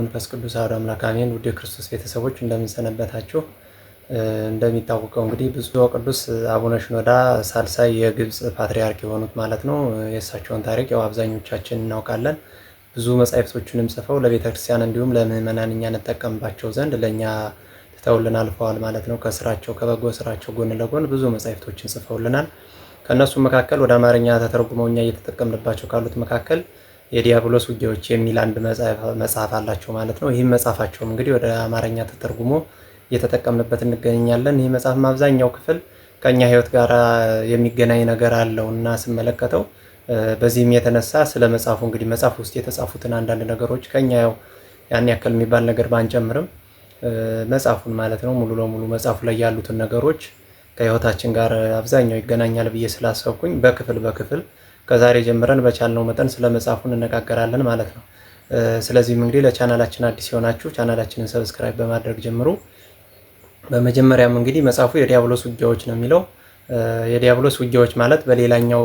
መንፈስ ቅዱስ አሐዱ አምላክ አሜን። ውድ የክርስቶስ ቤተሰቦች እንደምንሰነበታችሁ። እንደሚታወቀው እንግዲህ ብፁዕ ቅዱስ አቡነ ሽኖዳ ሳልሳይ የግብፅ ፓትርያርክ የሆኑት ማለት ነው። የእሳቸውን ታሪክ ያው አብዛኞቻችን እናውቃለን። ብዙ መጻሕፍቶችንም ጽፈው ለቤተ ክርስቲያን እንዲሁም ለምዕመናን እኛ እንጠቀምባቸው ዘንድ ለእኛ ትተውልን አልፈዋል ማለት ነው። ከስራቸው ከበጎ ስራቸው ጎን ለጎን ብዙ መጻሕፍቶችን ጽፈውልናል። ከእነሱ መካከል ወደ አማርኛ ተተርጉመው እኛ እየተጠቀምንባቸው ካሉት መካከል የዲያብሎስ ውጊያዎች የሚል አንድ መጽሐፍ አላቸው ማለት ነው። ይህም መጽሐፋቸውም እንግዲህ ወደ አማርኛ ተተርጉሞ እየተጠቀምንበት እንገኛለን። ይህ መጽሐፍም አብዛኛው ክፍል ከእኛ ህይወት ጋር የሚገናኝ ነገር አለው እና ስመለከተው በዚህም የተነሳ ስለ መጽሐፉ እንግዲህ መጽሐፍ ውስጥ የተጻፉትን አንዳንድ ነገሮች ከኛ ያው ያን ያክል የሚባል ነገር ባንጨምርም መጽሐፉን ማለት ነው ሙሉ ለሙሉ መጽሐፉ ላይ ያሉትን ነገሮች ከህይወታችን ጋር አብዛኛው ይገናኛል ብዬ ስላሰብኩኝ በክፍል በክፍል ከዛሬ ጀምረን በቻልነው መጠን ስለ መጽሐፉ እንነጋገራለን ማለት ነው። ስለዚህም እንግዲህ ለቻናላችን አዲስ የሆናችሁ ቻናላችንን ሰብስክራይብ በማድረግ ጀምሩ። በመጀመሪያም እንግዲህ መጽሐፉ የዲያብሎስ ውጊያዎች ነው የሚለው። የዲያብሎስ ውጊያዎች ማለት በሌላኛው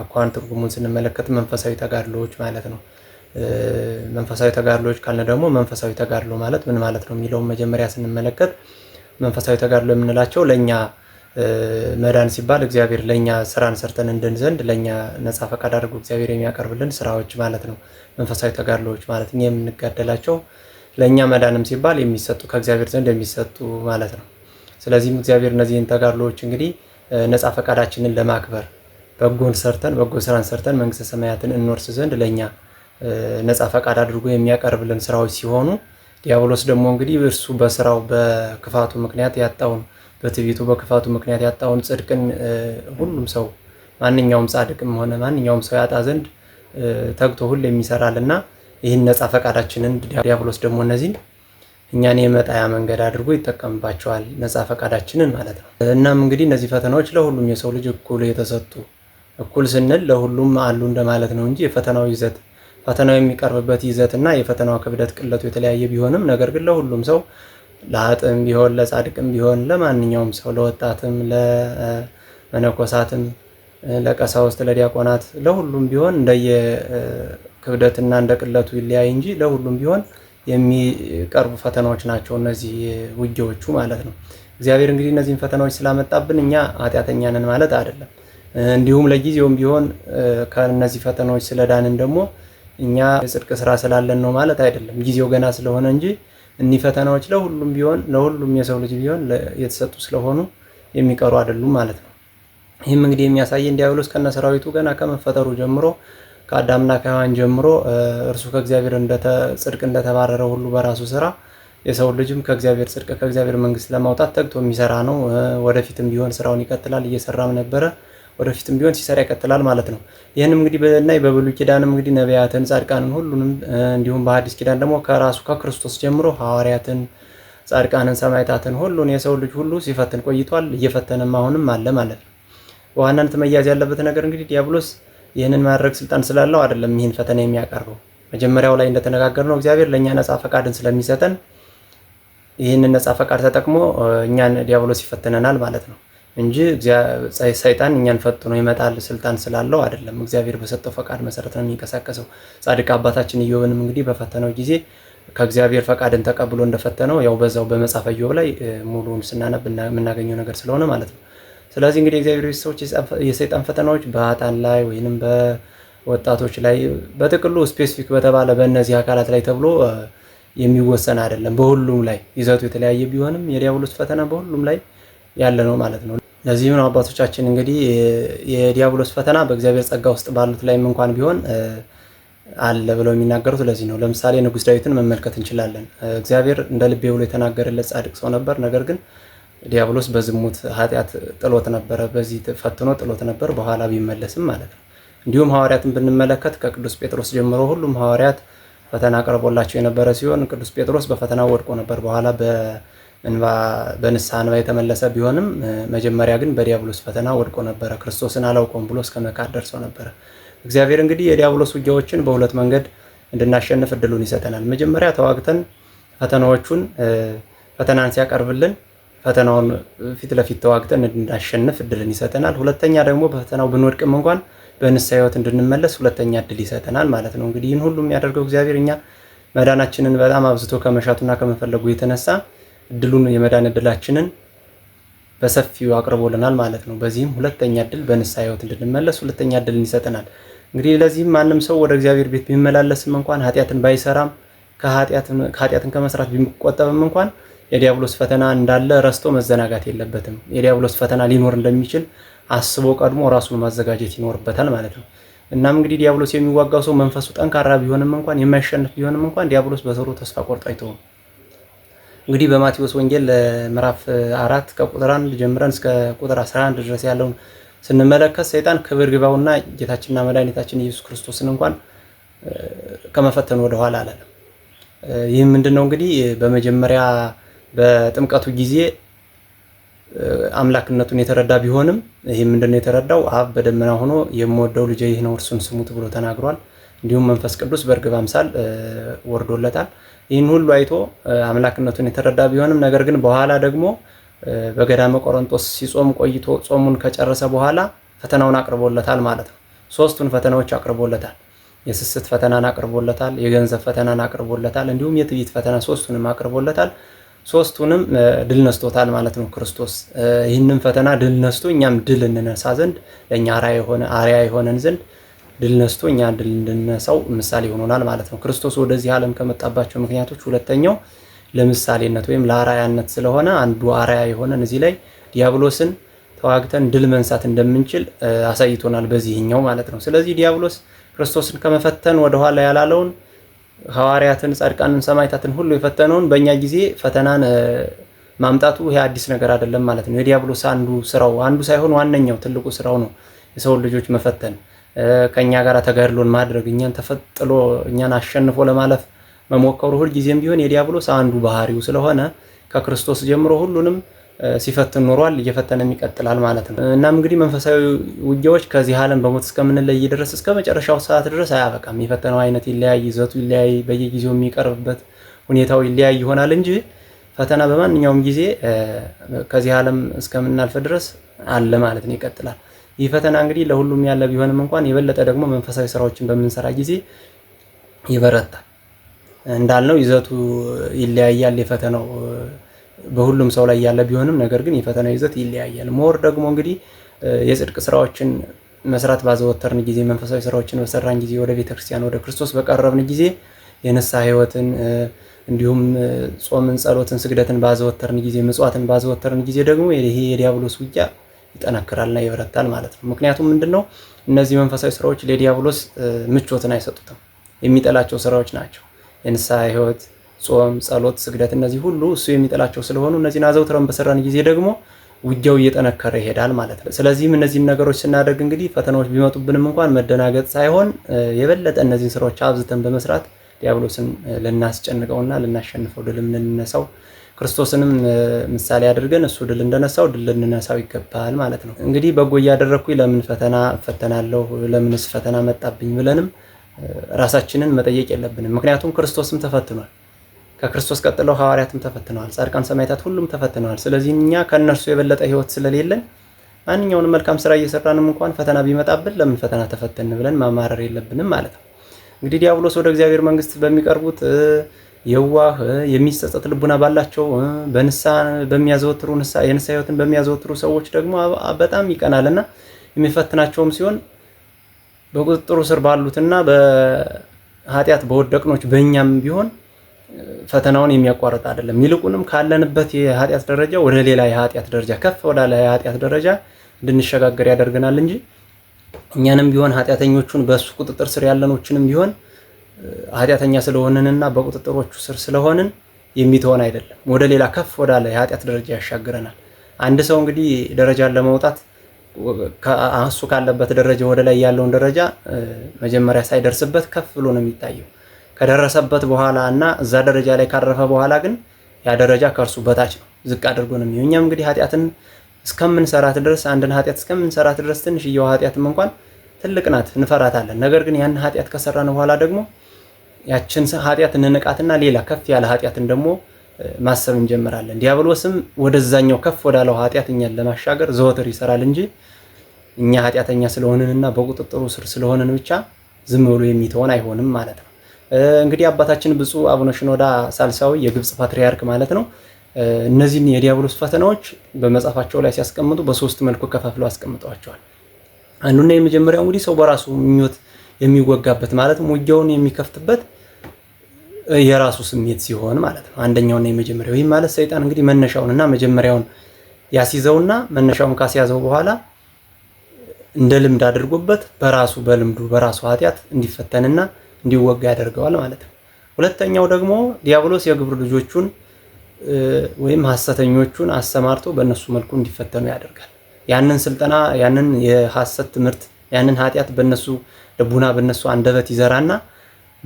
አኳን ትርጉሙን ስንመለከት መንፈሳዊ ተጋድሎዎች ማለት ነው። መንፈሳዊ ተጋድሎዎች ካልን ደግሞ መንፈሳዊ ተጋድሎ ማለት ምን ማለት ነው የሚለውን መጀመሪያ ስንመለከት መንፈሳዊ ተጋድሎ የምንላቸው ለእኛ መዳን ሲባል እግዚአብሔር ለእኛ ስራን ሰርተን እንድን ዘንድ ለእኛ ነፃ ፈቃድ አድርጎ እግዚአብሔር የሚያቀርብልን ስራዎች ማለት ነው። መንፈሳዊ ተጋድሎዎች ማለት እኛ የምንጋደላቸው ለእኛ መዳንም ሲባል የሚሰጡ ከእግዚአብሔር ዘንድ የሚሰጡ ማለት ነው። ስለዚህም እግዚአብሔር እነዚህን ተጋድሎዎች እንግዲህ ነፃ ፈቃዳችንን ለማክበር በጎን ሰርተን በጎ ስራን ሰርተን መንግስተ ሰማያትን እንወርስ ዘንድ ለእኛ ነፃ ፈቃድ አድርጎ የሚያቀርብልን ስራዎች ሲሆኑ ዲያብሎስ ደግሞ እንግዲህ እርሱ በስራው በክፋቱ ምክንያት ያጣውን በትዕቢቱ በክፋቱ ምክንያት ያጣውን ጽድቅን ሁሉም ሰው ማንኛውም ጻድቅም ሆነ ማንኛውም ሰው ያጣ ዘንድ ተግቶ ሁሌም የሚሰራል እና ይህን ነፃ ፈቃዳችንን ዲያብሎስ ደግሞ እነዚህን እኛን የመጣያ መንገድ አድርጎ ይጠቀምባቸዋል። ነፃ ፈቃዳችንን ማለት ነው። እናም እንግዲህ እነዚህ ፈተናዎች ለሁሉም የሰው ልጅ እኩል የተሰጡ እኩል ስንል ለሁሉም አሉ እንደማለት ነው እንጂ የፈተናው ይዘት ፈተናው የሚቀርብበት ይዘት እና የፈተናው ክብደት ቅለቱ የተለያየ ቢሆንም ነገር ግን ለሁሉም ሰው ለአጥም ቢሆን ለጻድቅም ቢሆን ለማንኛውም ሰው ለወጣትም፣ ለመነኮሳትም፣ ለቀሳውስት፣ ለዲያቆናት ለሁሉም ቢሆን እንደየ ክብደትና እንደ ቅለቱ ይለያይ እንጂ ለሁሉም ቢሆን የሚቀርቡ ፈተናዎች ናቸው እነዚህ ውጊያዎቹ ማለት ነው። እግዚአብሔር እንግዲህ እነዚህን ፈተናዎች ስላመጣብን እኛ ኃጢአተኛ ነን ማለት አይደለም። እንዲሁም ለጊዜውም ቢሆን ከእነዚህ ፈተናዎች ስለዳንን ደግሞ እኛ የጽድቅ ስራ ስላለን ነው ማለት አይደለም። ጊዜው ገና ስለሆነ እንጂ እኒህ ፈተናዎች ለሁሉም ቢሆን ለሁሉም የሰው ልጅ ቢሆን የተሰጡ ስለሆኑ የሚቀሩ አይደሉም ማለት ነው። ይህም እንግዲህ የሚያሳየን ዲያብሎስ ከነ ሰራዊቱ ገና ከመፈጠሩ ጀምሮ ከአዳምና ከሔዋን ጀምሮ እርሱ ከእግዚአብሔር ጽድቅ እንደተባረረ ሁሉ በራሱ ስራ የሰው ልጅም ከእግዚአብሔር ጽድቅ ከእግዚአብሔር መንግስት ለማውጣት ተግቶ የሚሰራ ነው። ወደፊትም ቢሆን ስራውን ይቀጥላል፣ እየሰራም ነበረ። ወደፊትም ቢሆን ሲሰራ ይቀጥላል ማለት ነው። ይህንም እንግዲህ በናይ በብሉይ ኪዳንም እንግዲህ ነቢያትን፣ ጻድቃንን ሁሉንም እንዲሁም በሐዲስ ኪዳን ደግሞ ከራሱ ከክርስቶስ ጀምሮ ሐዋርያትን፣ ጻድቃንን፣ ሰማዕታትን ሁሉን የሰው ልጅ ሁሉ ሲፈትን ቆይቷል። እየፈተነም አሁንም አለ ማለት ነው። በዋናነት መያዝ ያለበት ነገር እንግዲህ ዲያብሎስ ይህንን ማድረግ ስልጣን ስላለው አይደለም ይህን ፈተና የሚያቀርበው። መጀመሪያው ላይ እንደተነጋገርነው እግዚአብሔር ለእኛ ነጻ ፈቃድን ስለሚሰጠን ይህንን ነጻ ፈቃድ ተጠቅሞ እኛን ዲያብሎስ ይፈትነናል ማለት ነው። እንጂ ሰይጣን እኛን ፈጥኖ ይመጣል ስልጣን ስላለው አይደለም። እግዚአብሔር በሰጠው ፈቃድ መሰረት ነው የሚንቀሳቀሰው። ጻድቅ አባታችን እዮብንም እንግዲህ በፈተነው ጊዜ ከእግዚአብሔር ፈቃድን ተቀብሎ እንደፈተነው ያው በዛው በመጽሐፈ ኢዮብ ላይ ሙሉን ስናነብ የምናገኘው ነገር ስለሆነ ማለት ነው። ስለዚህ እንግዲህ እግዚአብሔር ቤተሰቦች የሰይጣን ፈተናዎች በአጣን ላይ ወይንም በወጣቶች ላይ በጥቅሉ ስፔሲፊክ በተባለ በእነዚህ አካላት ላይ ተብሎ የሚወሰን አይደለም። በሁሉም ላይ ይዘቱ የተለያየ ቢሆንም የዲያብሎስ ፈተና በሁሉም ላይ ያለ ነው ማለት ነው። ለዚህም ነው አባቶቻችን እንግዲህ የዲያብሎስ ፈተና በእግዚአብሔር ጸጋ ውስጥ ባሉት ላይም እንኳን ቢሆን አለ ብለው የሚናገሩት ለዚህ ነው። ለምሳሌ ንጉሥ ዳዊትን መመልከት እንችላለን። እግዚአብሔር እንደ ልቤ ብሎ የተናገረለት ጻድቅ ሰው ነበር። ነገር ግን ዲያብሎስ በዝሙት ኃጢአት ጥሎት ነበረ። በዚህ ፈትኖ ጥሎት ነበር፣ በኋላ ቢመለስም ማለት ነው። እንዲሁም ሐዋርያትን ብንመለከት ከቅዱስ ጴጥሮስ ጀምሮ ሁሉም ሐዋርያት ፈተና ቀርቦላቸው የነበረ ሲሆን ቅዱስ ጴጥሮስ በፈተና ወድቆ ነበር። በኋላ እንባ በንስሐ እንባ የተመለሰ ቢሆንም መጀመሪያ ግን በዲያብሎስ ፈተና ወድቆ ነበረ። ክርስቶስን አላውቀውም ብሎ እስከ መካድ ደርሰው ነበረ። እግዚአብሔር እንግዲህ የዲያብሎስ ውጊያዎችን በሁለት መንገድ እንድናሸንፍ እድሉን ይሰጠናል። መጀመሪያ ተዋግተን ፈተናዎቹን ፈተናን ሲያቀርብልን ፈተናውን ፊት ለፊት ተዋግተን እንድናሸንፍ እድልን ይሰጠናል። ሁለተኛ ደግሞ በፈተናው ብንወድቅም እንኳን በንስሐ ሕይወት እንድንመለስ ሁለተኛ እድል ይሰጠናል ማለት ነው። እንግዲህ ይህን ሁሉ የሚያደርገው እግዚአብሔር እኛ መዳናችንን በጣም አብዝቶ ከመሻቱና ከመፈለጉ የተነሳ እድሉን የመዳን እድላችንን በሰፊው አቅርቦልናል ማለት ነው። በዚህም ሁለተኛ እድል በንስሐ ሕይወት እንድንመለስ ሁለተኛ እድልን ይሰጠናል። እንግዲህ ለዚህም ማንም ሰው ወደ እግዚአብሔር ቤት ቢመላለስም እንኳን ኃጢአትን ባይሰራም ከኃጢአትን ከመስራት ቢቆጠብም እንኳን የዲያብሎስ ፈተና እንዳለ ረስቶ መዘናጋት የለበትም። የዲያብሎስ ፈተና ሊኖር እንደሚችል አስቦ ቀድሞ ራሱን ማዘጋጀት ይኖርበታል ማለት ነው። እናም እንግዲህ ዲያብሎስ የሚዋጋው ሰው መንፈሱ ጠንካራ ቢሆንም እንኳን የማይሸንፍ ቢሆንም እንኳን ዲያብሎስ በሰሩ ተስፋ ቆርጦ አይተውም። እንግዲህ በማቴዎስ ወንጌል ምዕራፍ አራት ከቁጥር አንድ ጀምረን እስከ ቁጥር 11 ድረስ ያለውን ስንመለከት ሰይጣን ክብር ግባውና ጌታችንና መድኃኒታችን ኢየሱስ ክርስቶስን እንኳን ከመፈተን ወደኋላ አላለም። ይህም ምንድን ነው እንግዲህ በመጀመሪያ በጥምቀቱ ጊዜ አምላክነቱን የተረዳ ቢሆንም ይህ ምንድነው የተረዳው? አብ በደመና ሆኖ የምወደው ልጄ ይህ ነው እርሱን ስሙት ብሎ ተናግሯል። እንዲሁም መንፈስ ቅዱስ በእርግብ አምሳል ወርዶለታል። ይህን ሁሉ አይቶ አምላክነቱን የተረዳ ቢሆንም ነገር ግን በኋላ ደግሞ በገዳመ ቆሮንቶስ ሲጾም ቆይቶ ጾሙን ከጨረሰ በኋላ ፈተናውን አቅርቦለታል ማለት ነው። ሶስቱን ፈተናዎች አቅርቦለታል። የስስት ፈተናን አቅርቦለታል፣ የገንዘብ ፈተናን አቅርቦለታል፣ እንዲሁም የትዕቢት ፈተና ሶስቱንም አቅርቦለታል። ሶስቱንም ድል ነስቶታል ማለት ነው ክርስቶስ። ይህንም ፈተና ድል ነስቶ እኛም ድል እንነሳ ዘንድ ለእኛ አርአያ የሆነ የሆነን ዘንድ ድል ነስቶ እኛ ድል እንድነሳው ምሳሌ ሆኖናል ማለት ነው። ክርስቶስ ወደዚህ ዓለም ከመጣባቸው ምክንያቶች ሁለተኛው ለምሳሌነት ወይም ለአራያነት ስለሆነ አንዱ አራያ የሆነን እዚህ ላይ ዲያብሎስን ተዋግተን ድል መንሳት እንደምንችል አሳይቶናል በዚህኛው ማለት ነው። ስለዚህ ዲያብሎስ ክርስቶስን ከመፈተን ወደኋላ ያላለውን ሐዋርያትን፣ ጻድቃንን፣ ሰማይታትን ሁሉ የፈተነውን በእኛ ጊዜ ፈተናን ማምጣቱ ይሄ አዲስ ነገር አይደለም ማለት ነው። የዲያብሎስ አንዱ ስራው አንዱ ሳይሆን ዋነኛው ትልቁ ስራው ነው የሰውን ልጆች መፈተን። ከእኛ ጋር ተጋድሎን ማድረግ እኛን ተፈጥሎ እኛን አሸንፎ ለማለፍ መሞከሩ ሁልጊዜም ቢሆን የዲያብሎስ አንዱ ባህሪው ስለሆነ ከክርስቶስ ጀምሮ ሁሉንም ሲፈትን ኖሯል፣ እየፈተነም ይቀጥላል ማለት ነው። እናም እንግዲህ መንፈሳዊ ውጊያዎች ከዚህ ዓለም በሞት እስከምንለይ ድረስ እስከ መጨረሻው ሰዓት ድረስ አያበቃም። የፈተነው አይነት ይለያይ፣ ይዘቱ ይለያይ፣ በየጊዜው የሚቀርብበት ሁኔታው ይለያይ ይሆናል እንጂ ፈተና በማንኛውም ጊዜ ከዚህ ዓለም እስከምናልፍ ድረስ አለ ማለት ነው፣ ይቀጥላል። ይህ ፈተና እንግዲህ ለሁሉም ያለ ቢሆንም እንኳን የበለጠ ደግሞ መንፈሳዊ ስራዎችን በምንሰራ ጊዜ ይበረታል። እንዳልነው ይዘቱ ይለያያል። የፈተናው በሁሉም ሰው ላይ ያለ ቢሆንም ነገር ግን የፈተናው ይዘት ይለያያል። ሞር ደግሞ እንግዲህ የጽድቅ ስራዎችን መስራት ባዘወተርን ጊዜ፣ መንፈሳዊ ስራዎችን በሰራን ጊዜ፣ ወደ ቤተክርስቲያን ወደ ክርስቶስ በቀረብን ጊዜ የንስሐ ህይወትን እንዲሁም ጾምን፣ ጸሎትን፣ ስግደትን ባዘወተርን ጊዜ፣ ምጽዋትን ባዘወተርን ጊዜ ደግሞ ይሄ የዲያብሎስ ውጊያ ይጠነክራልና ይበረታል ማለት ነው። ምክንያቱም ምንድን ነው እነዚህ መንፈሳዊ ስራዎች ለዲያብሎስ ምቾትን አይሰጡትም። የሚጠላቸው ስራዎች ናቸው። የንስሐ ህይወት፣ ጾም፣ ጸሎት፣ ስግደት እነዚህ ሁሉ እሱ የሚጠላቸው ስለሆኑ እነዚህን አዘውትረን በሰራን ጊዜ ደግሞ ውጊያው እየጠነከረ ይሄዳል ማለት ነው። ስለዚህም እነዚህን ነገሮች ስናደርግ እንግዲህ ፈተናዎች ቢመጡብንም እንኳን መደናገጥ ሳይሆን የበለጠ እነዚህን ስራዎች አብዝተን በመስራት ዲያብሎስን ልናስጨንቀውና ልናሸንፈው ድል ክርስቶስንም ምሳሌ አድርገን እሱ ድል እንደነሳው ድል ልንነሳው ይገባል ማለት ነው። እንግዲህ በጎ እያደረግኩ ለምን ፈተና እፈተናለሁ? ለምንስ ፈተና መጣብኝ? ብለንም ራሳችንን መጠየቅ የለብንም። ምክንያቱም ክርስቶስም ተፈትኗል። ከክርስቶስ ቀጥለው ሐዋርያትም ተፈትነዋል። ጻድቃን፣ ሰማዕታት ሁሉም ተፈትነዋል። ስለዚህ እኛ ከእነርሱ የበለጠ ሕይወት ስለሌለን ማንኛውንም መልካም ስራ እየሰራንም እንኳን ፈተና ቢመጣብን ለምን ፈተና ተፈተን ብለን ማማረር የለብንም ማለት ነው። እንግዲህ ዲያብሎስ ወደ እግዚአብሔር መንግስት በሚቀርቡት የዋህ የሚጸጸት ልቡና ባላቸው በንሳ በሚያዘወትሩ ንሳ የንሳ ህይወትን በሚያዘወትሩ ሰዎች ደግሞ በጣም ይቀናልና የሚፈትናቸውም ሲሆን በቁጥጥሩ ስር ባሉትና በኃጢአት በወደቅኖች በእኛም ቢሆን ፈተናውን የሚያቋርጥ አይደለም። ይልቁንም ካለንበት የኃጢአት ደረጃ ወደ ሌላ የኃጢአት ደረጃ ከፍ ወዳለ የኃጢአት ደረጃ እንድንሸጋገር ያደርገናል እንጂ እኛንም ቢሆን ኃጢአተኞቹን በእሱ ቁጥጥር ስር ያለኖችንም ቢሆን ኃጢአተኛ ስለሆንንና በቁጥጥሮቹ ስር ስለሆንን የሚተወን አይደለም። ወደ ሌላ ከፍ ወዳለ የኃጢአት ደረጃ ያሻግረናል። አንድ ሰው እንግዲህ ደረጃን ለመውጣት እሱ ካለበት ደረጃ ወደ ላይ ያለውን ደረጃ መጀመሪያ ሳይደርስበት ከፍ ብሎ ነው የሚታየው። ከደረሰበት በኋላ እና እዛ ደረጃ ላይ ካረፈ በኋላ ግን ያ ደረጃ ከእርሱ በታች ነው፣ ዝቅ አድርጎ ነው የሚሆን። እኛም እንግዲህ ኃጢአትን እስከምንሰራት ድረስ አንድን ኃጢአት እስከምንሰራት ድረስ ትንሽየዋ ኃጢአትም እንኳን ትልቅ ናት፣ እንፈራታለን። ነገር ግን ያን ኃጢአት ከሰራን በኋላ ደግሞ ያችን ኃጢአት እንንቃትና ሌላ ከፍ ያለ ኃጢአትን ደግሞ ማሰብ እንጀምራለን። ዲያብሎስም ወደዛኛው ከፍ ወዳለው ኃጢአት እኛን ለማሻገር ዘወትር ይሰራል እንጂ እኛ ኃጢአተኛ ስለሆንንና በቁጥጥሩ ስር ስለሆንን ብቻ ዝም ብሎ የሚተወን አይሆንም ማለት ነው። እንግዲህ አባታችን ብፁዕ አቡነ ሽኖዳ ሳልሳዊ የግብፅ ፓትርያርክ ማለት ነው እነዚህን የዲያብሎስ ፈተናዎች በመጽሐፋቸው ላይ ሲያስቀምጡ በሶስት መልኩ ከፋፍለው አስቀምጠዋቸዋል። አንዱና የመጀመሪያው እንግዲህ ሰው በራሱ ምኞት የሚወጋበት ማለትም ውጊያውን የሚከፍትበት የራሱ ስሜት ሲሆን ማለት ነው። አንደኛውና የመጀመሪያው ይህ ማለት ሰይጣን እንግዲህ መነሻውንና መጀመሪያውን ያስይዘውና መነሻውን ካስያዘው በኋላ እንደ ልምድ አድርጎበት በራሱ በልምዱ በራሱ ኃጢአት እንዲፈተንና እንዲወጋ ያደርገዋል ማለት ነው። ሁለተኛው ደግሞ ዲያብሎስ የግብር ልጆቹን ወይም ሀሰተኞቹን አሰማርቶ በእነሱ መልኩ እንዲፈተኑ ያደርጋል። ያንን ስልጠና ያንን የሀሰት ትምህርት ያንን ኃጢአት በነሱ ልቡና በነሱ አንደበት ይዘራና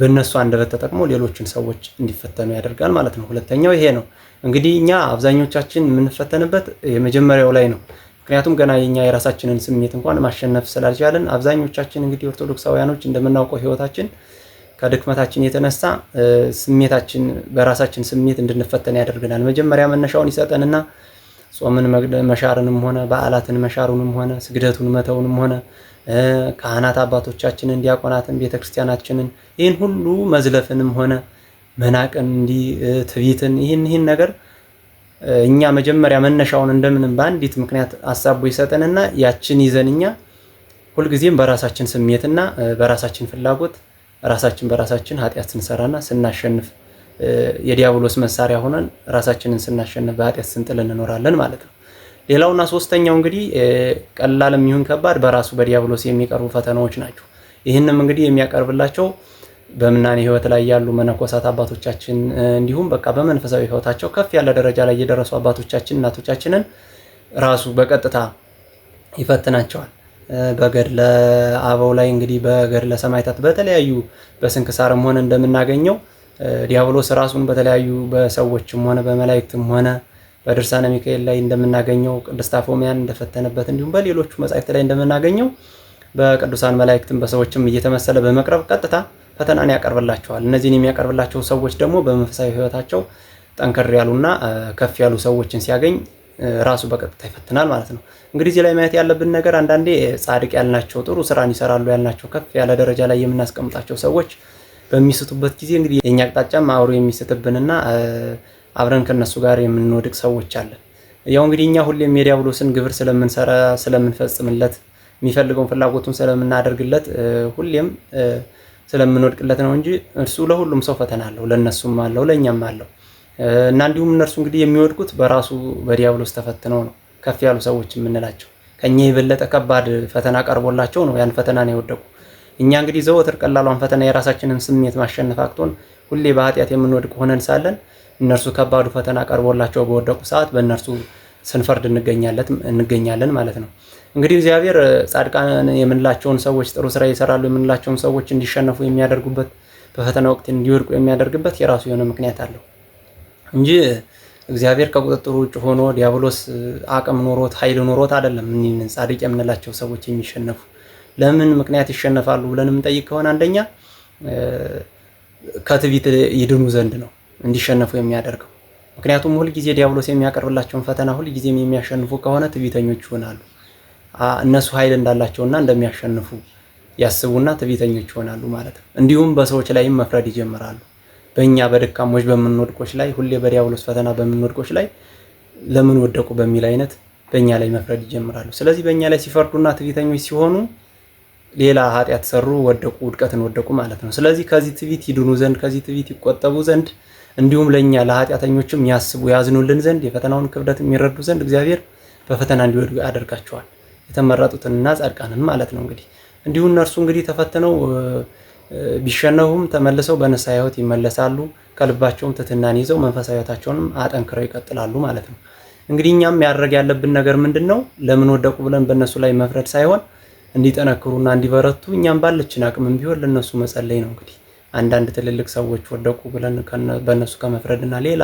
በነሱ አንደበት ተጠቅሞ ሌሎችን ሰዎች እንዲፈተኑ ያደርጋል ማለት ነው። ሁለተኛው ይሄ ነው። እንግዲህ እኛ አብዛኞቻችን የምንፈተንበት የመጀመሪያው ላይ ነው። ምክንያቱም ገና የኛ የራሳችንን ስሜት እንኳን ማሸነፍ ስላልቻለን አብዛኞቻችን እንግዲህ ኦርቶዶክሳውያኖች እንደምናውቀው ህይወታችን ከድክመታችን የተነሳ ስሜታችን በራሳችን ስሜት እንድንፈተን ያደርገናል። መጀመሪያ መነሻውን ይሰጠንና ጾምን መሻርንም ሆነ በዓላትን መሻሩንም ሆነ ስግደቱን መተውንም ሆነ ካህናት አባቶቻችንን፣ ዲያቆናትን፣ ቤተክርስቲያናችንን ይህን ሁሉ መዝለፍንም ሆነ መናቅን እንዲህ ትዕቢትን ይህን ይህን ነገር እኛ መጀመሪያ መነሻውን እንደምንም በአንዲት ምክንያት አሳቦ ይሰጠንና ያችን ይዘን እኛ ሁልጊዜም በራሳችን ስሜትና በራሳችን ፍላጎት ራሳችን በራሳችን ኃጢአት ስንሰራና ስናሸንፍ የዲያብሎስ መሳሪያ ሆነን ራሳችንን ስናሸንፍ በኃጢአት ስንጥል እንኖራለን ማለት ነው። ሌላውና ሶስተኛው እንግዲህ ቀላልም የሚሆን ከባድ በራሱ በዲያብሎስ የሚቀርቡ ፈተናዎች ናቸው። ይህንም እንግዲህ የሚያቀርብላቸው በምናኔ ህይወት ላይ ያሉ መነኮሳት አባቶቻችን እንዲሁም በቃ በመንፈሳዊ ህይወታቸው ከፍ ያለ ደረጃ ላይ የደረሱ አባቶቻችን እናቶቻችንን ራሱ በቀጥታ ይፈትናቸዋል። በገድለ አበው ላይ እንግዲህ በገድለ ሰማይታት በተለያዩ በስንክሳርም ሆነ እንደምናገኘው ዲያብሎስ ራሱን በተለያዩ በሰዎችም ሆነ በመላእክትም ሆነ በድርሳነ ሚካኤል ላይ እንደምናገኘው ቅድስት አፎሚያን እንደፈተነበት እንዲሁም በሌሎቹ መጻሕፍት ላይ እንደምናገኘው በቅዱሳን መላእክትም በሰዎችም እየተመሰለ በመቅረብ ቀጥታ ፈተናን ያቀርብላቸዋል። እነዚህን የሚያቀርብላቸው ሰዎች ደግሞ በመንፈሳዊ ሕይወታቸው ጠንከር ያሉና ከፍ ያሉ ሰዎችን ሲያገኝ ራሱ በቀጥታ ይፈትናል ማለት ነው። እንግዲህ እዚህ ላይ ማየት ያለብን ነገር አንዳንዴ ጻድቅ ያልናቸው ጥሩ ስራን ይሰራሉ ያልናቸው ከፍ ያለ ደረጃ ላይ የምናስቀምጣቸው ሰዎች በሚስቱበት ጊዜ እንግዲህ የእኛ አቅጣጫም አብሮ የሚስትብንና አብረን ከነሱ ጋር የምንወድቅ ሰዎች አለን። ያው እንግዲህ እኛ ሁሌም የዲያብሎስን ግብር ስለምንሰራ ስለምንፈጽምለት የሚፈልገውን ፍላጎቱን ስለምናደርግለት ሁሌም ስለምንወድቅለት ነው እንጂ እርሱ ለሁሉም ሰው ፈተና አለው። ለእነሱም አለው፣ ለእኛም አለው። እና እንዲሁም እነርሱ እንግዲህ የሚወድቁት በራሱ በዲያብሎስ ተፈትነው ነው ከፍ ያሉ ሰዎች የምንላቸው። ከኛ የበለጠ ከባድ ፈተና ቀርቦላቸው ነው ያን ፈተና ነው የወደቁ። እኛ እንግዲህ ዘወትር ቀላሏን ፈተና የራሳችንን ስሜት ማሸነፍ አቅቶን ሁሌ በኃጢአት የምንወድቅ ሆነን ሳለን እነርሱ ከባዱ ፈተና ቀርቦላቸው በወደቁ ሰዓት በእነርሱ ስንፈርድ እንገኛለን ማለት ነው። እንግዲህ እግዚአብሔር ጻድቃን የምንላቸውን ሰዎች ጥሩ ስራ ይሰራሉ የምንላቸውን ሰዎች እንዲሸነፉ የሚያደርጉበት በፈተና ወቅት እንዲወድቁ የሚያደርግበት የራሱ የሆነ ምክንያት አለው። እንጂ እግዚአብሔር ከቁጥጥር ውጭ ሆኖ ዲያብሎስ አቅም ኖሮት ኃይል ኖሮት አይደለም። እኒህን ጻድቅ የምንላቸው ሰዎች የሚሸነፉ ለምን ምክንያት ይሸነፋሉ ብለን የምንጠይቅ ከሆነ አንደኛ ከትዕቢት ይድኑ ዘንድ ነው እንዲሸነፉ የሚያደርገው። ምክንያቱም ሁልጊዜ ዲያብሎስ የሚያቀርብላቸውን ፈተና ሁልጊዜም የሚያሸንፉ ከሆነ ትዕቢተኞች ይሆናሉ። እነሱ ኃይል እንዳላቸውና እንደሚያሸንፉ ያስቡና ትዕቢተኞች ይሆናሉ ማለት ነው። እንዲሁም በሰዎች ላይም መፍረድ ይጀምራሉ። በእኛ በደካሞች በምንወድቆች ላይ ሁሌ በዲያብሎስ ፈተና በምንወድቆች ላይ ለምን ወደቁ በሚል አይነት በእኛ ላይ መፍረድ ይጀምራሉ። ስለዚህ በእኛ ላይ ሲፈርዱና ትዕቢተኞች ሲሆኑ ሌላ ኃጢአት ሰሩ፣ ወደቁ፣ ውድቀትን ወደቁ ማለት ነው። ስለዚህ ከዚህ ትዕቢት ይድኑ ዘንድ ከዚህ ትዕቢት ይቆጠቡ ዘንድ እንዲሁም ለእኛ ለኃጢአተኞችም ያስቡ ያዝኑልን ዘንድ የፈተናውን ክብደት የሚረዱ ዘንድ እግዚአብሔር በፈተና እንዲወድቁ ያደርጋቸዋል የተመረጡትንና ጻድቃንን ማለት ነው። እንግዲህ እንዲሁ እነርሱ እንግዲህ ተፈትነው ቢሸነፉም ተመልሰው በንስሐ ሕይወት ይመለሳሉ። ከልባቸውም ትሕትናን ይዘው መንፈሳዊ ሕይወታቸውንም አጠንክረው ይቀጥላሉ ማለት ነው። እንግዲህ እኛም ያደረግ ያለብን ነገር ምንድን ነው? ለምን ወደቁ ብለን በእነሱ ላይ መፍረድ ሳይሆን እንዲጠነክሩና እንዲበረቱ እኛም ባለችን አቅምም ቢሆን ለእነሱ መጸለይ ነው። እንግዲህ አንዳንድ ትልልቅ ሰዎች ወደቁ ብለን በእነሱ ከመፍረድና ሌላ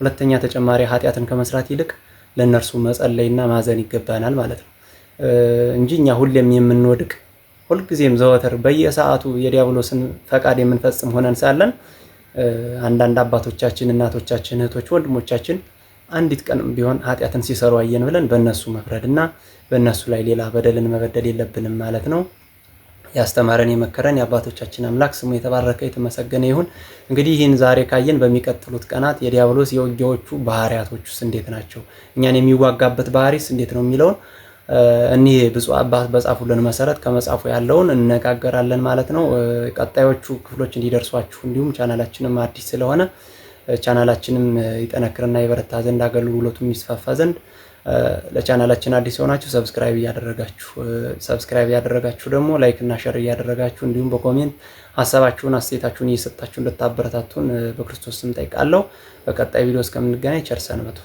ሁለተኛ ተጨማሪ ኃጢአትን ከመስራት ይልቅ ለእነርሱ መጸለይና ማዘን ይገባናል ማለት ነው እንጂ እኛ ሁሌም የምንወድቅ ሁልጊዜም ዘወትር በየሰዓቱ የዲያብሎስን ፈቃድ የምንፈጽም ሆነን ሳለን አንዳንድ አባቶቻችን፣ እናቶቻችን፣ እህቶች፣ ወንድሞቻችን አንዲት ቀንም ቢሆን ኃጢአትን ሲሰሩ አየን ብለን በእነሱ መፍረድ እና በእነሱ ላይ ሌላ በደልን መበደል የለብንም ማለት ነው። ያስተማረን የመከረን የአባቶቻችን አምላክ ስሙ የተባረከ የተመሰገነ ይሁን። እንግዲህ ይህን ዛሬ ካየን በሚቀጥሉት ቀናት የዲያብሎስ የውጊያዎቹ ባህሪያቶቹስ እንዴት ናቸው፣ እኛን የሚዋጋበት ባህሪስ እንዴት ነው የሚለውን እኒህ ብፁዕ አባት በጻፉልን መሰረት ከመጽሐፉ ያለውን እነጋገራለን ማለት ነው። ቀጣዮቹ ክፍሎች እንዲደርሷችሁ እንዲሁም ቻናላችንም አዲስ ስለሆነ ቻናላችንም ይጠነክርና ይበረታ ዘንድ አገልግሎቱም የሚስፋፋ ዘንድ ለቻናላችን አዲስ የሆናችሁ ሰብስክራይብ እያደረጋችሁ ሰብስክራይብ እያደረጋችሁ ደግሞ ላይክ እና ሸር እያደረጋችሁ እንዲሁም በኮሜንት ሀሳባችሁን አስተያየታችሁን እየሰጣችሁ እንድታበረታቱን በክርስቶስ ስም ጠይቃለሁ። በቀጣይ ቪዲዮ እስከምንገናኝ ቸር ሰንብቱ።